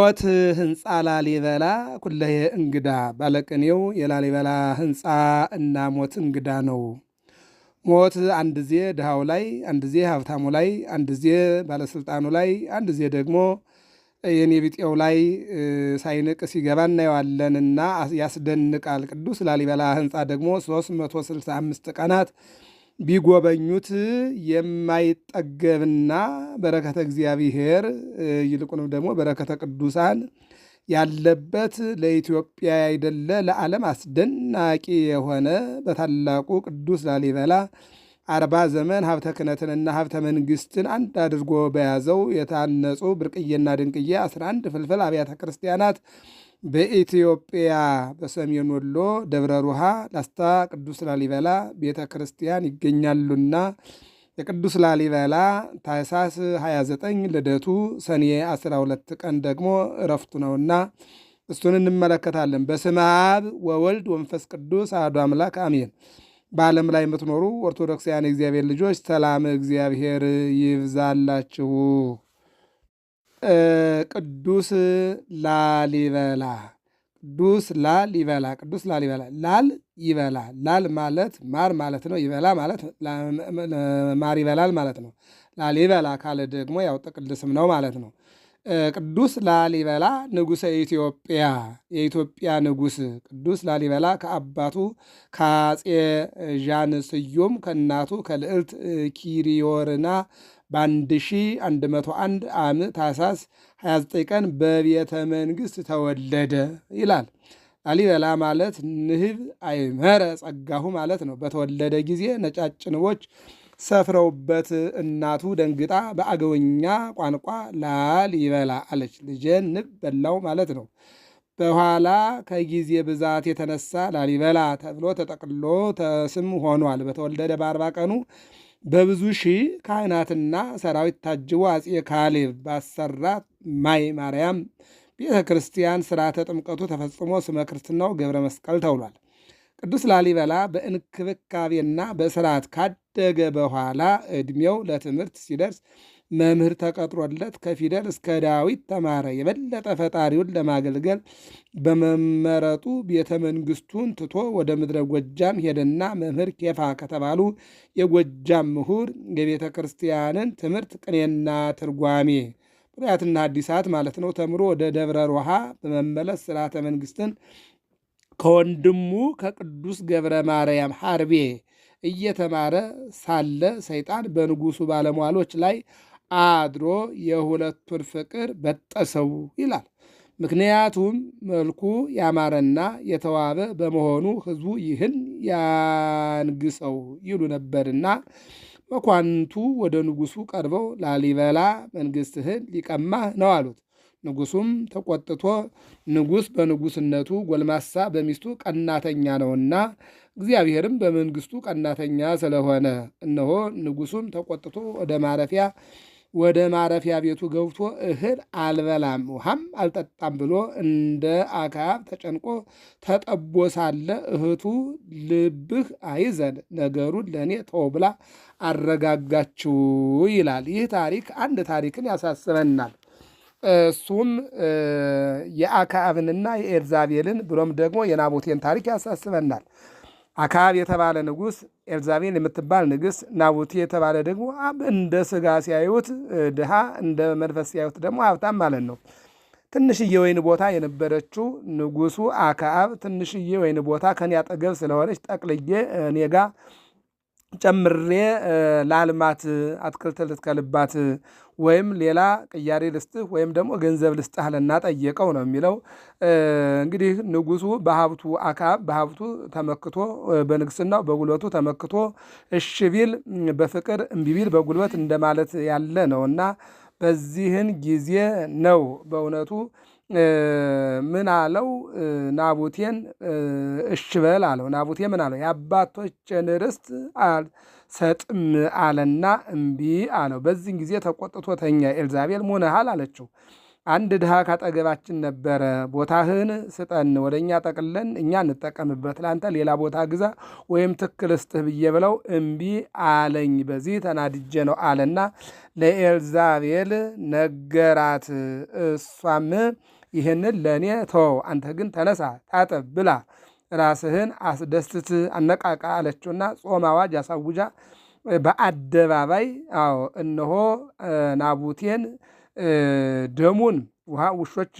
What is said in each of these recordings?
ኦት ህንፃ ላሊበላ ኩለየ እንግዳ ባለቅኔው የላሊበላ ህንፃ እና ሞት እንግዳ ነው። ሞት አንድ ዜ ድሃው ላይ፣ አንድ ዜ ሀብታሙ ላይ፣ አንድ ዜ ባለስልጣኑ ላይ፣ አንድ ዜ ደግሞ የኔ ቢጤው ላይ ሳይንቅ ሲገባ እናየዋለንና ያስደንቃል። ቅዱስ ላሊበላ ህንፃ ደግሞ 365 ቀናት ቢጎበኙት የማይጠገብና በረከተ እግዚአብሔር ይልቁንም ደግሞ በረከተ ቅዱሳን ያለበት ለኢትዮጵያ አይደለ ለዓለም አስደናቂ የሆነ በታላቁ ቅዱስ ላሊበላ አርባ ዘመን ሀብተ ክነትንና ሀብተ መንግስትን አንድ አድርጎ በያዘው የታነጹ ብርቅዬና ድንቅዬ 11 ፍልፍል አብያተ ክርስቲያናት በኢትዮጵያ በሰሜን ወሎ ደብረ ሩሃ ላስታ ቅዱስ ላሊበላ ቤተ ክርስቲያን ይገኛሉና የቅዱስ ላሊበላ ታኅሳስ 29 ልደቱ ሰኔ 12 ቀን ደግሞ እረፍቱ ነውና እሱን እንመለከታለን። በስመ አብ ወወልድ ወመንፈስ ቅዱስ አሐዱ አምላክ አሜን። በዓለም ላይ የምትኖሩ ኦርቶዶክሳውያን እግዚአብሔር ልጆች ሰላም እግዚአብሔር ይብዛላችሁ። ቅዱስ ላሊበላ ቅዱስ ላል ይበላ ቅዱስ ላል ይበላ ላል ይበላ ላል ማለት ማር ማለት ነው። ይበላ ማለት ማር ይበላል ማለት ነው። ላሊበላ ካለ ደግሞ ያው ጥቅል ስም ነው ማለት ነው። ቅዱስ ላሊበላ ንጉሰ ኢትዮጵያ የኢትዮጵያ ንጉስ ቅዱስ ላሊበላ ከአባቱ ከአጼ ዣን ስዩም ከእናቱ ከልዕልት ኪሪዮርና በአንድ ሺ አንድ መቶ አንድ ዓም ታሳስ 29 ቀን በቤተ መንግስት ተወለደ ይላል። ላሊበላ ማለት ንህብ አይመረ ጸጋሁ ማለት ነው። በተወለደ ጊዜ ነጫጭ ንቦች ሰፍረውበት እናቱ ደንግጣ በአገውኛ ቋንቋ ላል ይበላ አለች። ልጄን ንብ በላው ማለት ነው። በኋላ ከጊዜ ብዛት የተነሳ ላሊበላ ተብሎ ተጠቅሎ ስም ሆኗል። በተወለደ በአርባ ቀኑ በብዙ ሺህ ካህናትና ሰራዊት ታጅቦ አፄ ካሌብ ባሰራ ማይ ማርያም ቤተ ክርስቲያን ስርዓተ ጥምቀቱ ተፈጽሞ ስመ ክርስትናው ገብረ መስቀል ተውሏል። ቅዱስ ላሊበላ በእንክብካቤና በስርዓት ካደገ በኋላ ዕድሜው ለትምህርት ሲደርስ መምህር ተቀጥሮለት ከፊደል እስከ ዳዊት ተማረ። የበለጠ ፈጣሪውን ለማገልገል በመመረጡ ቤተ ትቶ ወደ ምድረ ጎጃም ሄደና መምህር ኬፋ ከተባሉ የጎጃም ምሁር የቤተ ክርስቲያንን ትምህርት ቅኔና ትርጓሜ ብሉያትና አዲሳት ማለት ነው ተምሮ ወደ ደብረ ሮሃ በመመለስ ስርዓተ ከወንድሙ ከቅዱስ ገብረ ማርያም ሐርቤ እየተማረ ሳለ ሰይጣን በንጉሱ ባለሟሎች ላይ አድሮ የሁለቱን ፍቅር በጠሰው ይላል። ምክንያቱም መልኩ ያማረና የተዋበ በመሆኑ ሕዝቡ ይህን ያንግሰው ይሉ ነበርና መኳንቱ ወደ ንጉሱ ቀርበው ላሊበላ መንግስትህን ሊቀማህ ነው አሉት። ንጉሱም ተቆጥቶ ንጉሥ በንጉስነቱ ጎልማሳ በሚስቱ ቀናተኛ ነውና እግዚአብሔርም በመንግስቱ ቀናተኛ ስለሆነ እነሆ ንጉሱም ተቆጥቶ ወደ ማረፊያ ወደ ማረፊያ ቤቱ ገብቶ እህል አልበላም ውሃም አልጠጣም ብሎ እንደ አካብ ተጨንቆ ተጠቦ ሳለ እህቱ ልብህ አይዘን፣ ነገሩን ለእኔ ተው ብላ አረጋጋችው ይላል። ይህ ታሪክ አንድ ታሪክን ያሳስበናል። እሱም የአካብንና የኤልዛቤልን ብሎም ደግሞ የናቡቴን ታሪክ ያሳስበናል። አካብ የተባለ ንጉስ ኤልዛቤል የምትባል ንግስ ናቡቴ የተባለ ደግሞ እንደ ስጋ ሲያዩት ድሃ፣ እንደ መንፈስ ሲያዩት ደግሞ ሀብታም ማለት ነው። ትንሽዬ ወይን ቦታ የነበረችው ንጉሱ አካብ ትንሽዬ ወይን ቦታ ከኔ አጠገብ ስለሆነች ጠቅልዬ እኔ ጋ ጨምሬ ላልማት አትክልት ልትከልባት ወይም ሌላ ቅያሬ ልስጥህ ወይም ደግሞ ገንዘብ ልስጥህ አለና ጠየቀው ነው የሚለው። እንግዲህ ንጉሱ በሀብቱ አካብ በሀብቱ ተመክቶ በንግስናው በጉልበቱ ተመክቶ እሺ ቢል በፍቅር እምቢ ቢል በጉልበት እንደማለት ያለ ነው እና በዚህን ጊዜ ነው በእውነቱ ምን አለው ናቡቴን እሽ በል አለው። ናቡቴ ምን አለው? የአባቶችን ርስት ሰጥም አለና እምቢ አለው። በዚህን ጊዜ ተቆጥቶ ተኛ። ኤልዛቤል ሙነሃል አለችው። አንድ ድሃ ካጠገባችን ነበረ። ቦታህን ስጠን፣ ወደ እኛ ጠቅለን እኛ እንጠቀምበት፣ ለአንተ ሌላ ቦታ ግዛ ወይም ትክል ስጥህ ብዬ ብለው እምቢ አለኝ፣ በዚህ ተናድጄ ነው አለና ለኤልዛቤል ነገራት። እሷም ይህንን ለእኔ ተወው፣ አንተ ግን ተነሳ፣ ታጠብ፣ ብላ ራስህን አስደስት፣ አነቃቃ አለችውና ጾም አዋጅ አሳውጃ በአደባባይ አዎ እነሆ ናቡቴን ደሙን ውሃ ውሾች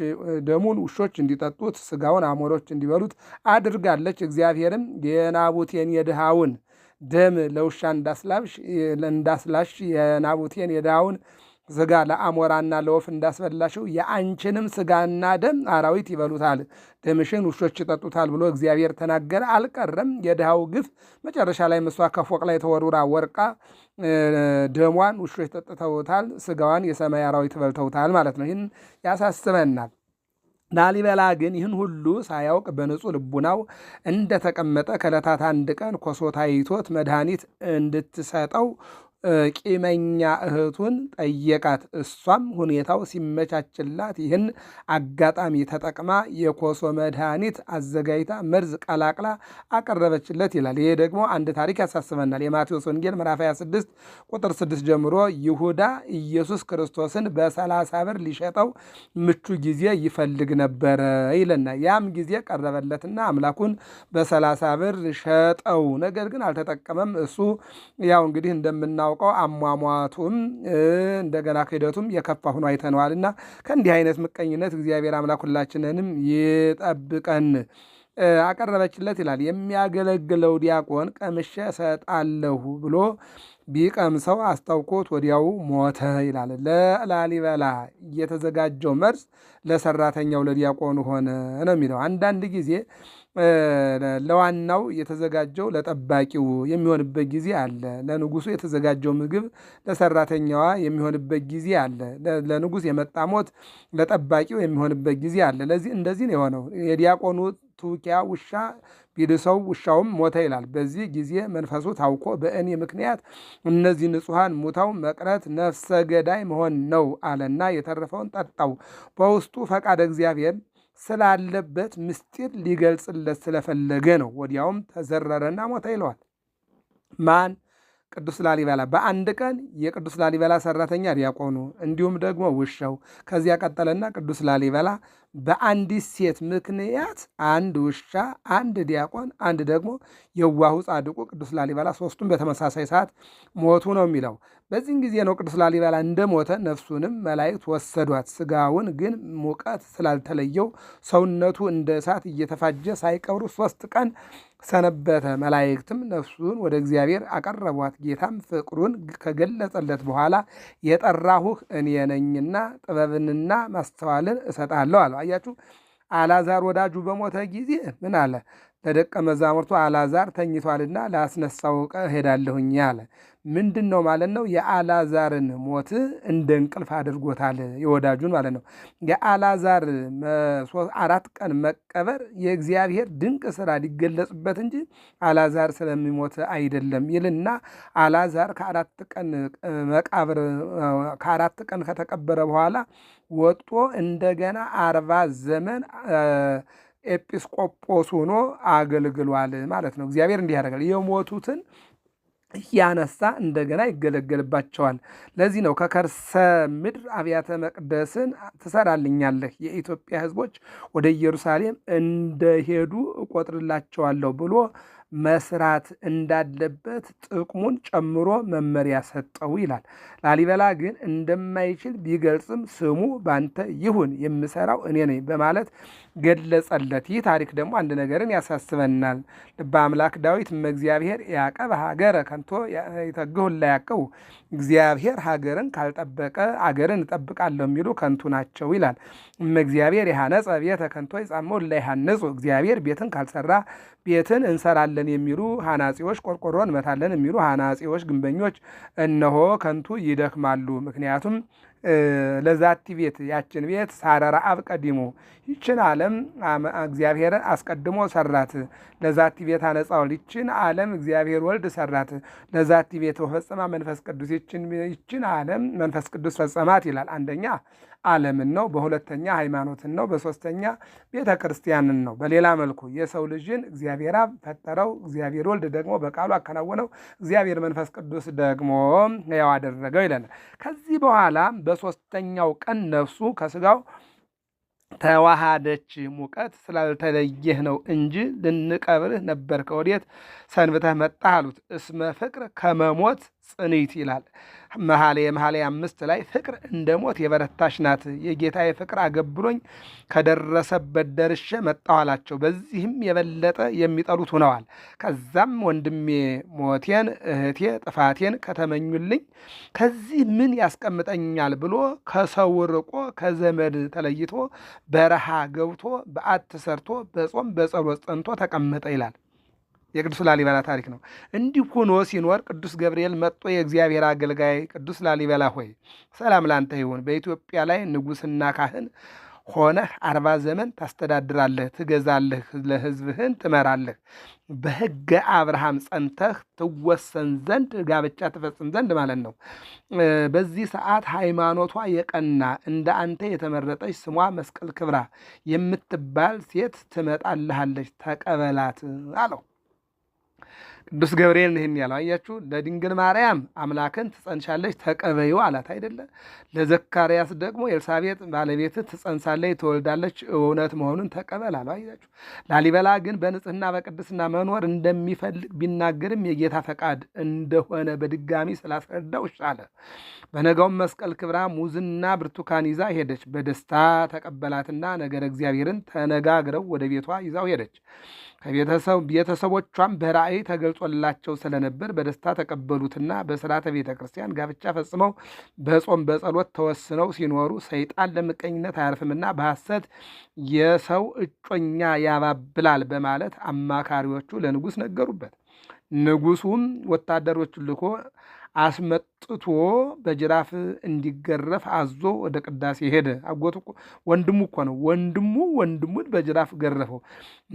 ደሙን ውሾች እንዲጠጡት ስጋውን አሞሮች እንዲበሉት አድርጋለች። እግዚአብሔርም የናቡቴን የድሃውን ደም ለውሻ እንዳስላሽ የናቡቴን የድሃውን ስጋ ለአሞራና ለወፍ እንዳስበላሽው የአንችንም ስጋና ደም አራዊት ይበሉታል፣ ደምሽን ውሾች ይጠጡታል ብሎ እግዚአብሔር ተናገረ። አልቀረም። የድሃው ግፍ መጨረሻ ላይ እሷ ከፎቅ ላይ ተወርውራ ወርቃ ደሟን ውሾች ጠጥተውታል፣ ስጋዋን የሰማይ አራዊት በልተውታል ማለት ነው። ይህን ያሳስበናል። ላሊበላ ግን ይህን ሁሉ ሳያውቅ በንጹሕ ልቡናው እንደተቀመጠ ከዕለታት አንድ ቀን መድኃኒት እንድትሰጠው ቂመኛ እህቱን ጠየቃት። እሷም ሁኔታው ሲመቻችላት ይህን አጋጣሚ ተጠቅማ የኮሶ መድኃኒት አዘጋጅታ መርዝ ቀላቅላ አቀረበችለት ይላል። ይሄ ደግሞ አንድ ታሪክ ያሳስበናል። የማቴዎስ ወንጌል ምዕራፍ 26 ቁጥር 6 ጀምሮ ይሁዳ ኢየሱስ ክርስቶስን በሰላሳ ብር ሊሸጠው ምቹ ጊዜ ይፈልግ ነበረ ይለና ያም ጊዜ ቀረበለትና አምላኩን በሰላሳ ብር ሸጠው። ነገር ግን አልተጠቀመም። እሱ ያው እንግዲህ እንደምና የምናውቀው አሟሟቱም እንደገና ክህደቱም የከፋ ሆኖ አይተነዋልና ከእንዲህ አይነት ምቀኝነት እግዚአብሔር አምላክ ሁላችንንም ይጠብቀን። አቀረበችለት ይላል። የሚያገለግለው ዲያቆን ቀምሼ እሰጣለሁ ብሎ ቢቀምሰው አስታውቆት ወዲያው ሞተ ይላል። ለላሊበላ የተዘጋጀው መርዝ ለሰራተኛው ለዲያቆኑ ሆነ ነው የሚለው። አንዳንድ ጊዜ ለዋናው የተዘጋጀው ለጠባቂው የሚሆንበት ጊዜ አለ። ለንጉሱ የተዘጋጀው ምግብ ለሰራተኛዋ የሚሆንበት ጊዜ አለ። ለንጉስ የመጣ ሞት ለጠባቂው የሚሆንበት ጊዜ አለ። ለዚህ እንደዚህ ነው የሆነው የዲያቆኑ ትውቂያ ውሻ ቢልሰው ውሻውም ሞተ ይላል። በዚህ ጊዜ መንፈሱ ታውቆ በእኔ ምክንያት እነዚህ ንጹሐን ሙተው መቅረት ነፍሰ ገዳይ መሆን ነው አለና የተረፈውን ጠጣው። በውስጡ ፈቃደ እግዚአብሔር ስላለበት ምስጢር ሊገልጽለት ስለፈለገ ነው። ወዲያውም ተዘረረና ሞተ ይለዋል። ማን ቅዱስ ላሊበላ በአንድ ቀን የቅዱስ ላሊበላ ሰራተኛ ዲያቆኑ፣ እንዲሁም ደግሞ ውሻው። ከዚያ ቀጠለና ቅዱስ ላሊበላ በአንዲት ሴት ምክንያት አንድ ውሻ፣ አንድ ዲያቆን፣ አንድ ደግሞ የዋሁ ጻድቁ ቅዱስ ላሊበላ ሶስቱም በተመሳሳይ ሰዓት ሞቱ ነው የሚለው። በዚህን ጊዜ ነው ቅዱስ ላሊበላ እንደሞተ ነፍሱንም መላእክት ወሰዷት። ስጋውን ግን ሙቀት ስላልተለየው ሰውነቱ እንደ እሳት እየተፋጀ ሳይቀብሩ ሶስት ቀን ሰነበተ። መላእክትም ነፍሱን ወደ እግዚአብሔር አቀረቧት። ጌታም ፍቅሩን ከገለጸለት በኋላ የጠራሁህ እኔ ነኝና ጥበብንና ማስተዋልን እሰጣለሁ አለ። አያችሁ አላዛር ወዳጁ በሞተ ጊዜ ምን አለ? ለደቀ መዛሙርቱ አላዛር ተኝቷልና ላስነሳው እሄዳለሁኝ አለ። ምንድን ነው ማለት ነው? የአላዛርን ሞት እንደ እንቅልፍ አድርጎታል፣ የወዳጁን ማለት ነው። የአላዛር አራት ቀን መቀበር የእግዚአብሔር ድንቅ ስራ ሊገለጽበት እንጂ አላዛር ስለሚሞት አይደለም ይልና አላዛር ከአራት ቀን መቃብር ከአራት ቀን ከተቀበረ በኋላ ወጥቶ እንደገና አርባ ዘመን ኤጲስቆጶስ ሆኖ አገልግሏል ማለት ነው። እግዚአብሔር እንዲህ ያደርጋል የሞቱትን እያነሳ እንደገና ይገለገልባቸዋል። ለዚህ ነው ከከርሰ ምድር አብያተ መቅደስን ትሰራልኛለህ፣ የኢትዮጵያ ሕዝቦች ወደ ኢየሩሳሌም እንደሄዱ እቆጥርላቸዋለሁ ብሎ መስራት እንዳለበት ጥቅሙን ጨምሮ መመሪያ ሰጠው ይላል። ላሊበላ ግን እንደማይችል ቢገልጽም ስሙ ባንተ ይሁን የምሰራው እኔ ነኝ በማለት ገለጸለት። ይህ ታሪክ ደግሞ አንድ ነገርን ያሳስበናል። ልበ አምላክ ዳዊት እግዚአብሔር ያቀብ ሀገረ ከንቶ የተግሁን ላያዕቅቡ እግዚአብሔር ሀገርን ካልጠበቀ አገርን እጠብቃለሁ የሚሉ ከንቱ ናቸው ይላል። እግዚአብሔር የሐነጸ ቤተ ከንቶ ይጻመው ላይሐንጹ እግዚአብሔር ቤትን ካልሰራ ቤትን እንሰራለን የሚሉ ሐናጺዎች፣ ቆርቆሮ እንመታለን የሚሉ ሐናጺዎች፣ ግንበኞች እነሆ ከንቱ ይደክማሉ። ምክንያቱም ለዛቲ ቤት ያችን ቤት ሳረ ረአብ ቀዲሞ ይችን ዓለም እግዚአብሔር አስቀድሞ ሰራት። ለዛቲ ቤት አነጻውል ይችን ዓለም እግዚአብሔር ወልድ ሰራት። ለዛቲ ቤት ፈጽማ መንፈስ ቅዱስ ይችን ዓለም መንፈስ ቅዱስ ፈጸማት ይላል። አንደኛ ዓለምን ነው፣ በሁለተኛ ሃይማኖትን ነው፣ በሶስተኛ ቤተ ክርስቲያንን ነው። በሌላ መልኩ የሰው ልጅን እግዚአብሔር አብ ፈጠረው፣ እግዚአብሔር ወልድ ደግሞ በቃሉ አከናወነው፣ እግዚአብሔር መንፈስ ቅዱስ ደግሞ ያው አደረገው ይለናል። ከዚህ በኋላ በሶስተኛው ቀን ነፍሱ ከስጋው ተዋሃደች። ሙቀት ስላልተለየህ ነው እንጂ ልንቀብርህ ነበር፣ ከወዴት ሰንብተህ መጣህ አሉት። እስመ ፍቅር ከመሞት ጽንይት ይላል። መሐሌ የመሐሌ አምስት ላይ ፍቅር እንደ ሞት የበረታች ናት፣ የጌታዬ ፍቅር አገብሎኝ ከደረሰበት ደርሼ መጣሁ አላቸው። በዚህም የበለጠ የሚጠሉት ሆነዋል። ከዛም ወንድሜ ሞቴን፣ እህቴ ጥፋቴን ከተመኙልኝ ከዚህ ምን ያስቀምጠኛል ብሎ ከሰው ርቆ ከዘመድ ተለይቶ በረሃ ገብቶ በዓት ሰርቶ በጾም በጸሎት ጸንቶ ተቀመጠ ይላል። የቅዱስ ላሊበላ ታሪክ ነው። እንዲህ ሆኖ ሲኖር ቅዱስ ገብርኤል መጥቶ የእግዚአብሔር አገልጋይ ቅዱስ ላሊበላ ሆይ ሰላም ላንተ ይሁን፣ በኢትዮጵያ ላይ ንጉሥና ካህን ሆነህ አርባ ዘመን ታስተዳድራለህ፣ ትገዛለህ፣ ለሕዝብህን ትመራለህ። በሕገ አብርሃም ጸንተህ ትወሰን ዘንድ ጋብቻ ትፈጽም ዘንድ ማለት ነው። በዚህ ሰዓት ሃይማኖቷ የቀና እንደ አንተ የተመረጠች ስሟ መስቀል ክብራ የምትባል ሴት ትመጣልሃለች፣ ተቀበላት አለው። ቅዱስ ገብርኤል ይህን ያለው አያችሁ። ለድንግል ማርያም አምላክን ትጸንሻለች ተቀበዩ አላት አይደለ? ለዘካርያስ ደግሞ ኤልሳቤጥ ባለቤት ትጸንሳለች ትወልዳለች እውነት መሆኑን ተቀበል አለው አያችሁ። ላሊበላ ግን በንጽህና በቅድስና መኖር እንደሚፈልግ ቢናገርም የጌታ ፈቃድ እንደሆነ በድጋሚ ስላስረዳው ይሻለ። በነጋውም መስቀል ክብራ ሙዝና ብርቱካን ይዛ ሄደች። በደስታ ተቀበላትና ነገር እግዚአብሔርን ተነጋግረው ወደ ቤቷ ይዛው ሄደች። ቤተሰቦቿም በራእይ ተገልጾላቸው ስለነበር በደስታ ተቀበሉትና በስርዓተ ቤተ ክርስቲያን ጋብቻ ፈጽመው በጾም በጸሎት ተወስነው ሲኖሩ ሰይጣን ለምቀኝነት አያርፍምና በሐሰት የሰው እጮኛ ያባብላል በማለት አማካሪዎቹ ለንጉሥ ነገሩበት። ንጉሱም ወታደሮቹን ልኮ አስመጥቶ በጅራፍ እንዲገረፍ አዞ ወደ ቅዳሴ ሄደ። አጎቱ ወንድሙ እኮ ነው። ወንድሙ ወንድሙን በጅራፍ ገረፈው።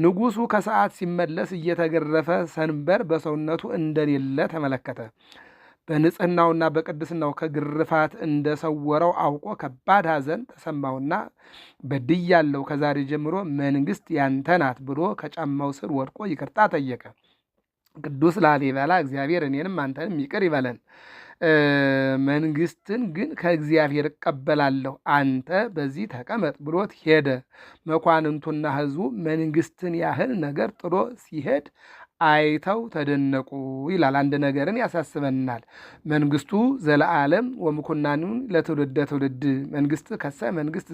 ንጉሱ ከሰዓት ሲመለስ እየተገረፈ ሰንበር በሰውነቱ እንደሌለ ተመለከተ። በንጽህናውና በቅድስናው ከግርፋት እንደሰወረው አውቆ ከባድ ሐዘን ተሰማውና በድያለው ከዛሬ ጀምሮ መንግስት ያንተ ናት ብሎ ከጫማው ስር ወድቆ ይቅርታ ጠየቀ። ቅዱስ ላሊበላ እግዚአብሔር እኔንም አንተንም ይቅር ይበለን። መንግስትን ግን ከእግዚአብሔር እቀበላለሁ አንተ በዚህ ተቀመጥ ብሎት ሄደ። መኳንንቱና ሕዝቡ መንግስትን ያህል ነገር ጥሎ ሲሄድ አይተው ተደነቁ ይላል። አንድ ነገርን ያሳስበናል። መንግስቱ ዘለዓለም ወምኩናኑን ለትውልደ ትውልድ መንግስት ከሰ መንግስት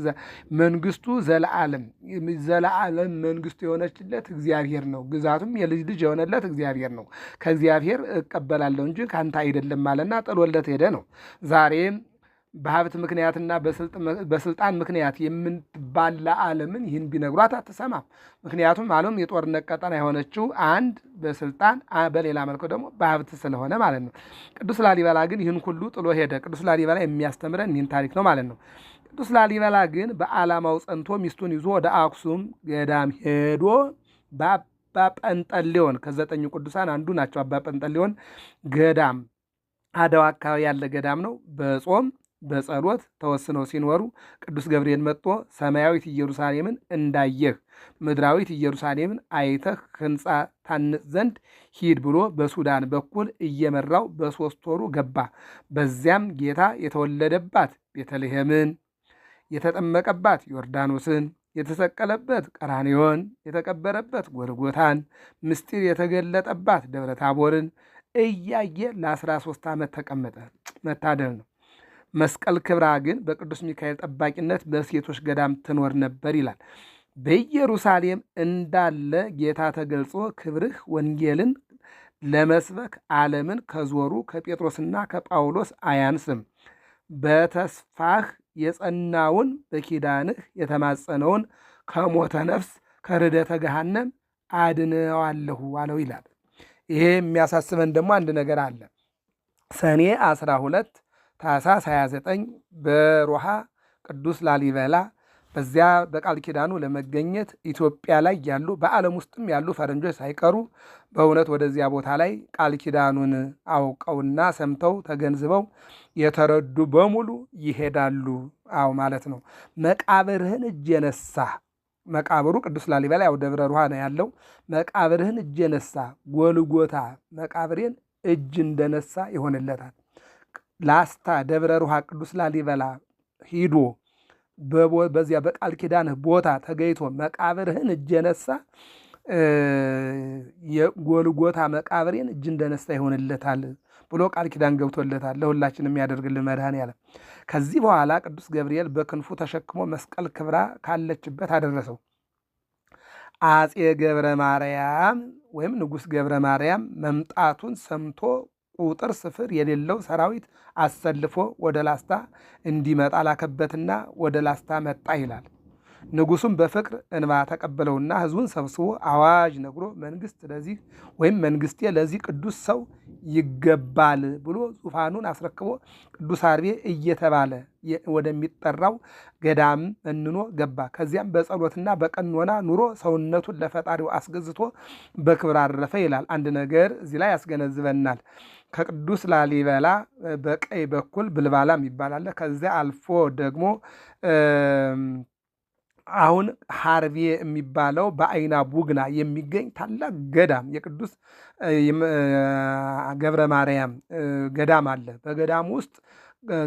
መንግስቱ ዘለዓለም ዘለዓለም መንግስቱ የሆነችለት እግዚአብሔር ነው። ግዛቱም የልጅ ልጅ የሆነለት እግዚአብሔር ነው። ከእግዚአብሔር እቀበላለሁ እንጂ ከአንተ አይደለም አለና ጥሎለት ሄደ ነው ዛሬም በሀብት ምክንያትና በስልጣን ምክንያት የምትባላ ዓለምን ይህን ቢነግሯት አትሰማም። ምክንያቱም ዓለም የጦርነት ቀጠና የሆነችው አንድ በስልጣን በሌላ መልኩ ደግሞ በሀብት ስለሆነ ማለት ነው። ቅዱስ ላሊበላ ግን ይህን ሁሉ ጥሎ ሄደ። ቅዱስ ላሊበላ የሚያስተምረን ይህን ታሪክ ነው ማለት ነው። ቅዱስ ላሊበላ ግን በዓላማው ጸንቶ ሚስቱን ይዞ ወደ አክሱም ገዳም ሄዶ በአባ ጰንጠሌዎን ከዘጠኙ ቅዱሳን አንዱ ናቸው። አባ ጰንጠሌዎን ገዳም አደዋ አካባቢ ያለ ገዳም ነው። በጾም በጸሎት ተወስነው ሲኖሩ ቅዱስ ገብርኤል መጥቶ ሰማያዊት ኢየሩሳሌምን እንዳየህ ምድራዊት ኢየሩሳሌምን አይተህ ሕንፃ ታንጽ ዘንድ ሂድ ብሎ በሱዳን በኩል እየመራው በሦስት ወሩ ገባ። በዚያም ጌታ የተወለደባት ቤተልሔምን፣ የተጠመቀባት ዮርዳኖስን፣ የተሰቀለበት ቀራንዮን፣ የተቀበረበት ጎልጎታን፣ ምስጢር የተገለጠባት ደብረ ታቦርን እያየ ለአስራ 13 ዓመት ተቀመጠ። መታደል ነው። መስቀል ክብራ ግን በቅዱስ ሚካኤል ጠባቂነት በሴቶች ገዳም ትኖር ነበር ይላል። በኢየሩሳሌም እንዳለ ጌታ ተገልጾ ክብርህ ወንጌልን ለመስበክ ዓለምን ከዞሩ ከጴጥሮስና ከጳውሎስ አያንስም። በተስፋህ የጸናውን በኪዳንህ የተማጸነውን ከሞተ ነፍስ ከርደተ ገሃነም አድነዋለሁ አለው ይላል። ይሄ የሚያሳስበን ደግሞ አንድ ነገር አለ። ሰኔ 12 ታኅሳስ 29 በሮሃ ቅዱስ ላሊበላ በዚያ በቃል ኪዳኑ ለመገኘት ኢትዮጵያ ላይ ያሉ በዓለም ውስጥም ያሉ ፈረንጆች ሳይቀሩ በእውነት ወደዚያ ቦታ ላይ ቃል ኪዳኑን አውቀውና ሰምተው ተገንዝበው የተረዱ በሙሉ ይሄዳሉ። አዎ ማለት ነው። መቃብርህን እጅ የነሳ መቃብሩ ቅዱስ ላሊበላ ያው ደብረ ሩሃ ነው ያለው። መቃብርህን እጅ የነሳ ጎልጎታ መቃብሬን እጅ እንደነሳ ይሆንለታል። ላስታ ደብረ ሩሃ ቅዱስ ላሊበላ ሂዶ በዚያ በቃል ኪዳንህ ቦታ ተገይቶ መቃብርህን እጅ የነሳ የጎልጎታ መቃብሬን እጅ እንደነሳ ይሆንለታል ብሎ ቃል ኪዳን ገብቶለታል። ለሁላችን የሚያደርግልን መድኃኔዓለም። ከዚህ በኋላ ቅዱስ ገብርኤል በክንፉ ተሸክሞ መስቀል ክብራ ካለችበት አደረሰው። አፄ ገብረ ማርያም ወይም ንጉሥ ገብረ ማርያም መምጣቱን ሰምቶ ቁጥር ስፍር የሌለው ሰራዊት አሰልፎ ወደ ላስታ እንዲመጣ ላከበትና ወደ ላስታ መጣ ይላል። ንጉሱም በፍቅር እንባ ተቀበለውና ህዝቡን ሰብስቦ አዋጅ ነግሮ መንግስት ለዚህ ወይም መንግስቴ ለዚህ ቅዱስ ሰው ይገባል ብሎ ዙፋኑን አስረክቦ ቅዱስ አርቤ እየተባለ ወደሚጠራው ገዳም እንኖ ገባ። ከዚያም በጸሎትና በቀኖና ኑሮ ሰውነቱን ለፈጣሪው አስገዝቶ በክብር አረፈ ይላል። አንድ ነገር እዚህ ላይ ያስገነዝበናል። ከቅዱስ ላሊበላ በቀኝ በኩል ብልባላም ይባላል። ከዚያ አልፎ ደግሞ አሁን ሀርቤ የሚባለው በአይና ቡግና የሚገኝ ታላቅ ገዳም የቅዱስ ገብረ ማርያም ገዳም አለ። በገዳም ውስጥ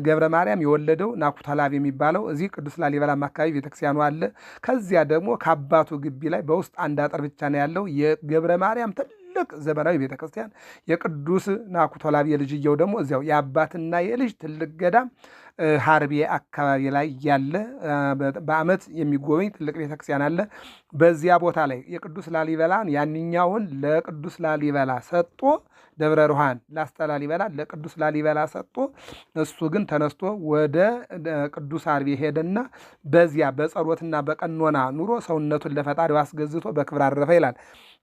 ገብረ ማርያም የወለደው ናኩታላብ የሚባለው እዚህ ቅዱስ ላሊበላ አካባቢ ቤተክርስቲያኑ አለ። ከዚያ ደግሞ ከአባቱ ግቢ ላይ በውስጥ አንድ አጥር ብቻ ነው ያለው የገብረ ማርያም ትልቅ ዘመናዊ ቤተክርስቲያን፣ የቅዱስ ናኩቶላብ የልጅየው ደግሞ እዚያው የአባትና የልጅ ትልቅ ገዳም ሀርቤ አካባቢ ላይ ያለ በዓመት የሚጎበኝ ትልቅ ቤተክርስቲያን አለ። በዚያ ቦታ ላይ የቅዱስ ላሊበላን ያንኛውን ለቅዱስ ላሊበላ ሰጥቶ ደብረ ሩሃን ላስታ ላሊበላ ለቅዱስ ላሊበላ ሰጥቶ እሱ ግን ተነስቶ ወደ ቅዱስ አርቤ ሄደና በዚያ በጸሎትና በቀኖና ኑሮ ሰውነቱን ለፈጣሪው አስገዝቶ በክብር አረፈ ይላል።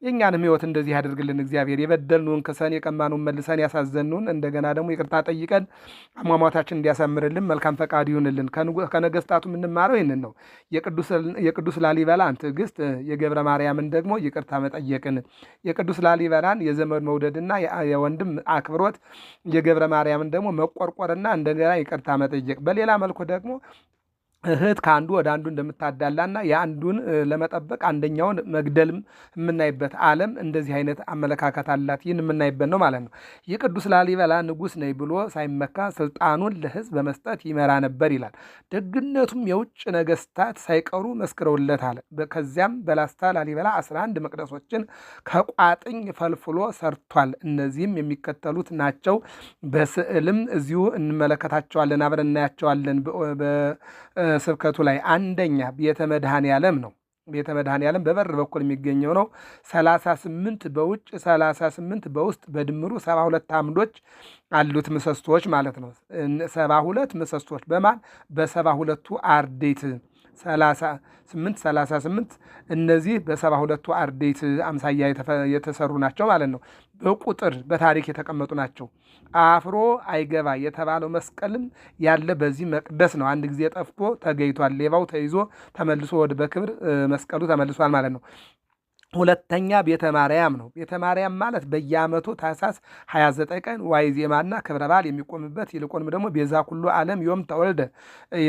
የእኛንም ሕይወት እንደዚህ ያደርግልን እግዚአብሔር። የበደልንውን ክሰን፣ የቀማኑን መልሰን፣ ያሳዘኑን እንደገና ደግሞ ይቅርታ ጠይቀን አሟሟታችን እንዲያሳምርልን እንዲሆንልን መልካም ፈቃድ ይሁንልን። ከነገስታቱ የምንማረው ይህንን ነው። የቅዱስ ላሊበላን ትዕግስት፣ የገብረ ማርያምን ደግሞ ይቅርታ መጠየቅን፣ የቅዱስ ላሊበላን የዘመድ መውደድና የወንድም አክብሮት፣ የገብረ ማርያምን ደግሞ መቆርቆርና እንደገና ይቅርታ መጠየቅ በሌላ መልኩ ደግሞ እህት ከአንዱ ወደ አንዱ እንደምታዳላና የአንዱን ለመጠበቅ አንደኛውን መግደልም የምናይበት ዓለም እንደዚህ አይነት አመለካከት አላት። ይህን የምናይበት ነው ማለት ነው። የቅዱስ ላሊበላ ንጉሥ ነኝ ብሎ ሳይመካ ስልጣኑን ለሕዝብ በመስጠት ይመራ ነበር ይላል። ደግነቱም የውጭ ነገስታት ሳይቀሩ መስክረውለታል። ከዚያም በላስታ ላሊበላ 11 መቅደሶችን ከቋጥኝ ፈልፍሎ ሰርቷል። እነዚህም የሚከተሉት ናቸው። በስዕልም እዚሁ እንመለከታቸዋለን፣ አብረን እናያቸዋለን። ስብከቱ ላይ አንደኛ ቤተ መድኃኔ ዓለም ነው። ቤተ መድኃኔ ዓለም በበር በኩል የሚገኘው ነው። 38 በውጭ 38 በውስጥ በድምሩ 72 አምዶች አሉት ምሰስቶች ማለት ነው። 72 ምሰስቶች በማን በ72ቱ አርዴት 38 እነዚህ በሰባ ሁለቱ አርዴት አምሳያ የተሰሩ ናቸው ማለት ነው። በቁጥር በታሪክ የተቀመጡ ናቸው። አፍሮ አይገባ የተባለው መስቀልም ያለ በዚህ መቅደስ ነው። አንድ ጊዜ ጠፍቶ ተገኝቷል። ሌባው ተይዞ ተመልሶ ወደ በክብር መስቀሉ ተመልሷል ማለት ነው። ሁለተኛ ቤተ ማርያም ነው። ቤተ ማርያም ማለት በየዓመቱ ታኅሳስ 29 ቀን ዋይዜማና ክብረ በዓል የሚቆምበት ይልቁንም ደግሞ ቤዛ ኩሉ ዓለም ዮም ተወልደ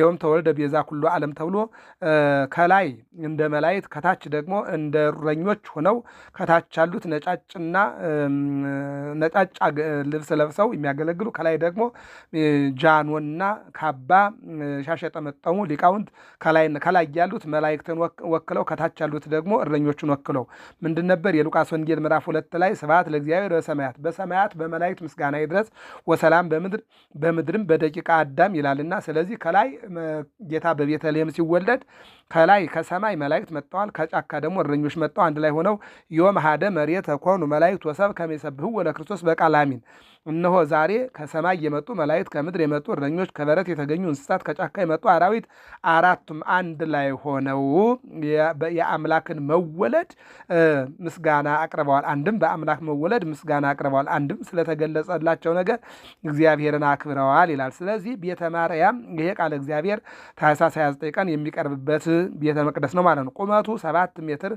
ዮም ተወልደ ቤዛ ኩሉ ዓለም ተብሎ ከላይ እንደ መላይት ከታች ደግሞ እንደ እረኞች ሆነው ከታች ያሉት ነጫጭና ነጫጭ ልብስ ለብሰው የሚያገለግሉ ከላይ ደግሞ ጃኖና ካባ ሻሽ የጠመጠሙ ሊቃውንት ከላይ ያሉት መላይክትን ወክለው ከታች ያሉት ደግሞ እረኞችን ወክለው ምንድን ነበር? የሉቃስ ወንጌል ምዕራፍ ሁለት ላይ ስብሐት ለእግዚአብሔር በሰማያት በሰማያት በመላእክት ምስጋና ይድረስ ወሰላም በምድር በምድርም በደቂቃ አዳም ይላልና፣ ስለዚህ ከላይ ጌታ በቤተልሔም ሲወለድ ከላይ ከሰማይ መላእክት መጥተዋል፣ ከጫካ ደግሞ እረኞች መጥተው አንድ ላይ ሆነው ዮም ሀደ መሬት ኮኑ መላእክት ወሰብ ከመ ይሰብህዎ ለክርስቶስ በቃል አሚን እነሆ ዛሬ ከሰማይ የመጡ መላእክት፣ ከምድር የመጡ እረኞች፣ ከበረት የተገኙ እንስሳት፣ ከጫካ የመጡ አራዊት አራቱም አንድ ላይ ሆነው የአምላክን መወለድ ምስጋና አቅርበዋል። አንድም በአምላክ መወለድ ምስጋና አቅርበዋል፣ አንድም ስለተገለጸላቸው ነገር እግዚአብሔርን አክብረዋል ይላል። ስለዚህ ቤተ ማርያም ይሄ ቃል እግዚአብሔር ታኅሳስ 29 ቀን የሚቀርብበት ቤተ መቅደስ ነው ማለት ነው። ቁመቱ ሰባት ሜትር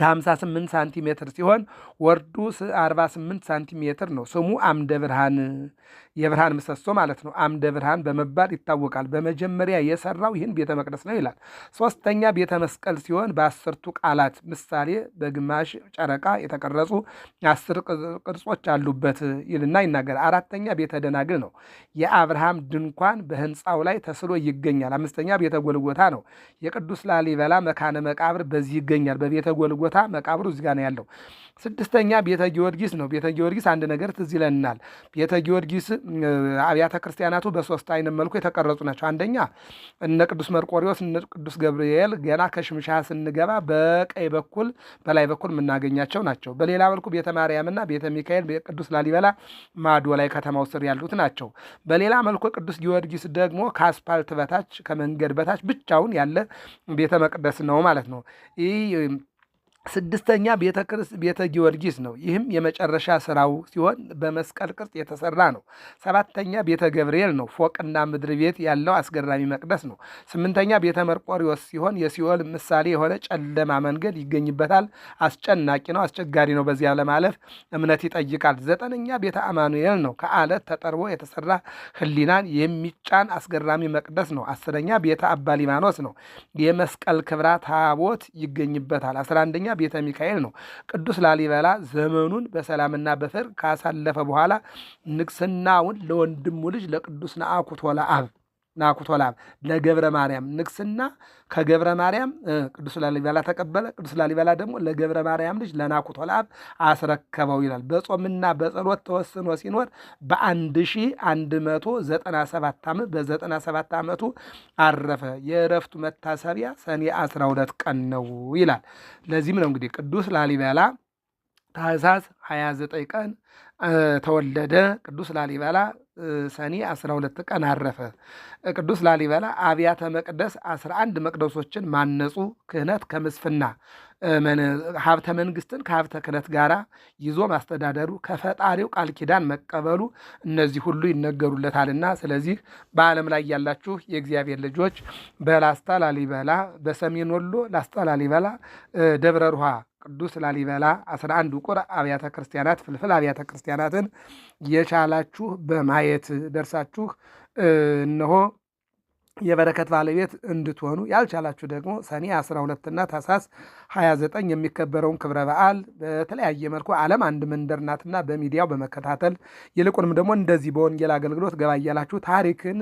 ከ58 ሳንቲሜትር ሲሆን ወርዱ 48 ሳንቲሜትር ነው። ስሙ አምደ ብርሃን የብርሃን ምሰሶ ማለት ነው። አምደ ብርሃን በመባል ይታወቃል። በመጀመሪያ የሰራው ይህን ቤተ መቅደስ ነው ይላል። ሶስተኛ ቤተ መስቀል ሲሆን በአስርቱ ቃላት ምሳሌ በግማሽ ጨረቃ የተቀረጹ አስር ቅርጾች አሉበት ይልና ይናገራል። አራተኛ ቤተ ደናግል ነው። የአብርሃም ድንኳን በህንፃው ላይ ተስሎ ይገኛል። አምስተኛ ቤተ ጎልጎታ ነው። የቅዱስ ላሊበላ መካነ መቃብር በዚህ ይገኛል። በቤተ ጎልጎታ መቃብሩ እዚጋ ነው ያለው። ስድስተኛ ቤተ ጊዮርጊስ ነው። ቤተ ጊዮርጊስ አንድ ነገር ትዝ ይለናል። ቤተ ጊዮርጊስ አብያተ ክርስቲያናቱ በሶስት አይነት መልኩ የተቀረጹ ናቸው። አንደኛ እነ ቅዱስ መርቆሪዎስ፣ እነ ቅዱስ ገብርኤል ገና ከሽምሻ ስንገባ በቀኝ በኩል በላይ በኩል የምናገኛቸው ናቸው። በሌላ መልኩ ቤተ ማርያምና ቤተ ሚካኤል ቅዱስ ላሊበላ ማዶ ላይ ከተማው ስር ያሉት ናቸው። በሌላ መልኩ ቅዱስ ጊዮርጊስ ደግሞ ከአስፓልት በታች ከመንገድ በታች ብቻውን ያለ ቤተ መቅደስ ነው ማለት ነው። ስድስተኛ ቤተ ጊዮርጊስ ነው። ይህም የመጨረሻ ስራው ሲሆን በመስቀል ቅርጽ የተሰራ ነው። ሰባተኛ ቤተ ገብርኤል ነው። ፎቅና ምድር ቤት ያለው አስገራሚ መቅደስ ነው። ስምንተኛ ቤተ መርቆሪዎስ ሲሆን የሲኦል ምሳሌ የሆነ ጨለማ መንገድ ይገኝበታል። አስጨናቂ ነው፣ አስቸጋሪ ነው። በዚያ ለማለፍ እምነት ይጠይቃል። ዘጠነኛ ቤተ አማኑኤል ነው። ከአለት ተጠርቦ የተሰራ ህሊናን የሚጫን አስገራሚ መቅደስ ነው። አስረኛ ቤተ አባ ሊባኖስ ነው። የመስቀል ክብራ ታቦት ይገኝበታል። አስራ አንደኛ ቤተ ሚካኤል ነው። ቅዱስ ላሊበላ ዘመኑን በሰላምና በፍቅር ካሳለፈ በኋላ ንግስናውን ለወንድሙ ልጅ ለቅዱስ ነአኩቶ ለአብ ናኩቶ ላብ ለገብረ ማርያም ንግስና ከገብረ ማርያም ቅዱስ ላሊበላ ተቀበለ። ቅዱስ ላሊበላ ደግሞ ለገብረ ማርያም ልጅ ለናኩቶ ላብ አስረከበው ይላል። በጾምና በጸሎት ተወስኖ ሲኖር በ1197 ዓመት በ97 ዓመቱ አረፈ። የእረፍቱ መታሰቢያ ሰኔ 12 ቀን ነው ይላል። ለዚህም ነው እንግዲህ ቅዱስ ላሊበላ ታኅሳስ 29 ቀን ተወለደ። ቅዱስ ላሊበላ ሰኔ 12 ቀን አረፈ። ቅዱስ ላሊበላ አብያተ መቅደስ 11 መቅደሶችን ማነጹ። ክህነት ከምስፍና ሀብተ መንግስትን ከሀብተ ክህነት ጋር ይዞ ማስተዳደሩ ከፈጣሪው ቃል ኪዳን መቀበሉ እነዚህ ሁሉ ይነገሩለታልና፣ ስለዚህ በዓለም ላይ ያላችሁ የእግዚአብሔር ልጆች በላስታ ላሊበላ፣ በሰሜን ወሎ ላስታ ላሊበላ፣ ደብረ ሩሃ ቅዱስ ላሊበላ 11 ውቁር አብያተ ክርስቲያናት ፍልፍል አብያተ ክርስቲያናትን የቻላችሁ በማየት ደርሳችሁ እነሆ የበረከት ባለቤት እንድትሆኑ ያልቻላችሁ ደግሞ ሰኔ 12ና ታሳስ 29 የሚከበረውን ክብረ በዓል በተለያየ መልኩ ዓለም አንድ መንደር ናትና በሚዲያው በመከታተል ይልቁንም ደግሞ እንደዚህ በወንጌል አገልግሎት ገባ እያላችሁ ታሪክን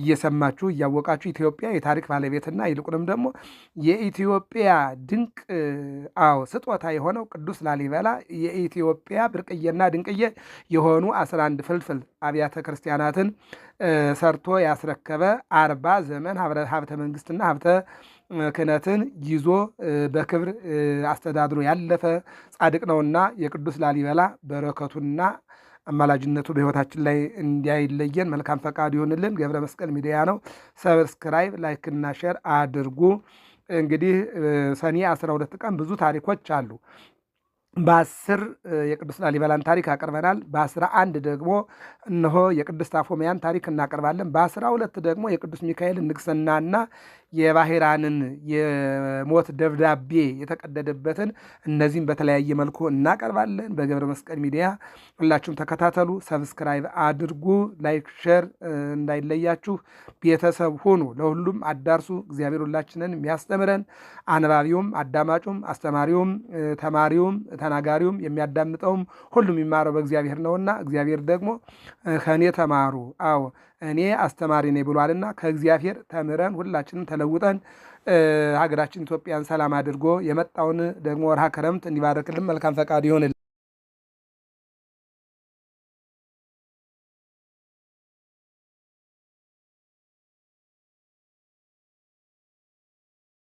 እየሰማችሁ እያወቃችሁ ኢትዮጵያ የታሪክ ባለቤትና ይልቁንም ደግሞ የኢትዮጵያ ድንቅ አዎ ስጦታ የሆነው ቅዱስ ላሊበላ የኢትዮጵያ ብርቅዬና ድንቅዬ የሆኑ 11 ፍልፍል አብያተ ክርስቲያናትን ሰርቶ ያስረከበ አርባ ዘመን ሀብተ መንግስትና ሀብተ ክህነትን ይዞ በክብር አስተዳድሮ ያለፈ ጻድቅ ነውና የቅዱስ ላሊበላ በረከቱና አማላጅነቱ በሕይወታችን ላይ እንዳይለየን መልካም ፈቃድ ይሆንልን። ገብረ መስቀል ሚዲያ ነው። ሰብስክራይብ፣ ላይክና ሼር አድርጉ። እንግዲህ ሰኔ 12 ቀን ብዙ ታሪኮች አሉ። በአስር የቅዱስ ላሊበላን ታሪክ አቅርበናል። በአስራ አንድ ደግሞ እነሆ የቅዱስ ታፎሚያን ታሪክ እናቀርባለን። በአስራ ሁለት ደግሞ የቅዱስ ሚካኤል ንግስናና የባሄራንን የሞት ደብዳቤ የተቀደደበትን እነዚህም በተለያየ መልኩ እናቀርባለን። በገብረ መስቀል ሚዲያ ሁላችሁም ተከታተሉ፣ ሰብስክራይብ አድርጉ፣ ላይክ፣ ሸር እንዳይለያችሁ፣ ቤተሰብ ሁኑ፣ ለሁሉም አዳርሱ። እግዚአብሔር ሁላችንን የሚያስተምረን አንባቢውም፣ አዳማጩም፣ አስተማሪውም፣ ተማሪውም፣ ተናጋሪውም፣ የሚያዳምጠውም ሁሉም የሚማረው በእግዚአብሔር ነውና እግዚአብሔር ደግሞ ከእኔ ተማሩ አዎ እኔ አስተማሪ ነኝ ብሏልና ከእግዚአብሔር ተምረን ሁላችንም ተለውጠን ሀገራችን ኢትዮጵያን ሰላም አድርጎ የመጣውን ደግሞ ወርሃ ክረምት እንዲባረክልን መልካም ፈቃድ ይሆንልን።